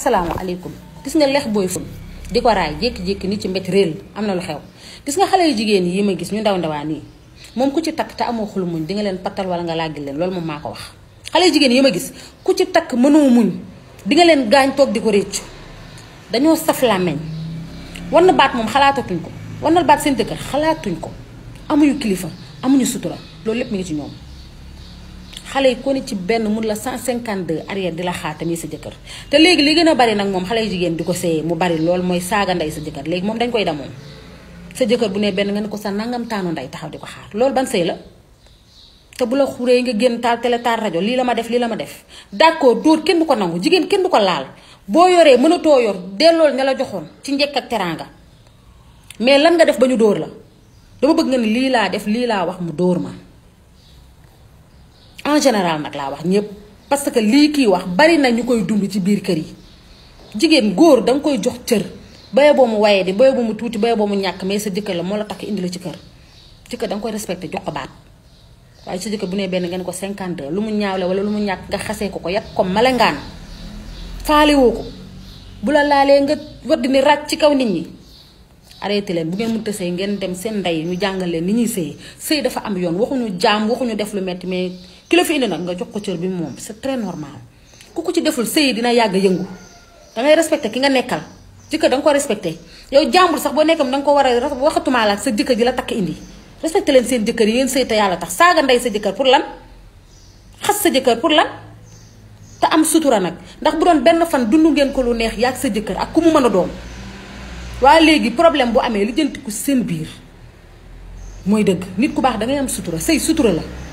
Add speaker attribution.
Speaker 1: asalaamaaleykum gis nga lex booy ful di ko raay jékki-jékki ni ci mbét réel am na lu xew gis nga xale yu jigéen yi ma gis ñu ndaw ndawaan yi moom ku ci takk te amoo xulu muñ di leen pattal wala nga làggi leen loolu moom maa ko wax xale yu jigéen ma gis ku ci takk mënoo muñ di nga leen gaañ toog di ko réccu dañoo saf làmmeñ war baat moom xalaatatuñ ko war baat seen dëkk xalaatuñ ko amuñu kilifa amuñu sutura loolu lépp mu ngi ci ñoom xale yi ko ni ci benn mun la 152 arrière di la xaatamee sa jëkkër te léegi li gën a bari nag moom xale yu jigéen di ko séyee mu bari lool mooy saaga ndey sa jëkkër léegi moom dañ koy damoon sa jëkkër bu ne benn nga ko sa nangam taanu taxaw di ko xaar loolu ban sëy la te bu la xuree nga génn taal télé rajo lii la def lii la ma def d'accord dóor kenn du ko nangu jigéen kenn du ko laal boo yoree mënatoo yor dellool ne la joxoon ci njëkk ak teraanga mais lan nga def ba ñu dóor la dama bëgg nga ni lii laa def lii laa wax mu dóor ma en général nag laa wax ñëpp parce que lii kii wax bari na ñu koy dund ci biir kër yi jigéen góor danga koy jox cër baye boo mu wayee di baye boo mu tuuti baye boo mu ñàkk mais sa jëkkër la moo la takk indi la ci kër jëkkër danga koy respecté jox ko baat waaye sa jëkkër bu nee benn ngeen ko 52 lu mu ñaawle wala lu mu ñàkk nga xasee ko ko yàq ko malangaan faalewoo ko bu la laalee nga wëdd ni ràcc ci kaw nit ñi arrêté leen bu ngeen mënta sëy ngeen dem seen ndey ñu jàngal ni ñuy sëy sëy dafa am yoon waxuñu jaam waxuñu def lu metti mais ki la fi indi nag nga jox ko cër bi moom c'est très normal ku ko ci deful sëy dina yàgg yëngu da ngay respecté ki nga nekkal jëkkër danga ko respecté yow jàmbur sax boo nekkam danga ko war a waxatumaa la ak sa jëkkër ji la takk indi respecté leen seen jëkkër yi ngeen sëy te yàlla tax saaga ndey sa jëkkër pour lan xas sa jëkkër pour lan te am sutura nag ndax bu doon benn fan dund ngeen ko lu neex yàgg sa jëkkër ak ku mu mën a doom waaye léegi problème bu amee li jëntiku seen biir mooy dëgg nit ku baax da ngay am sutura sëy sutura la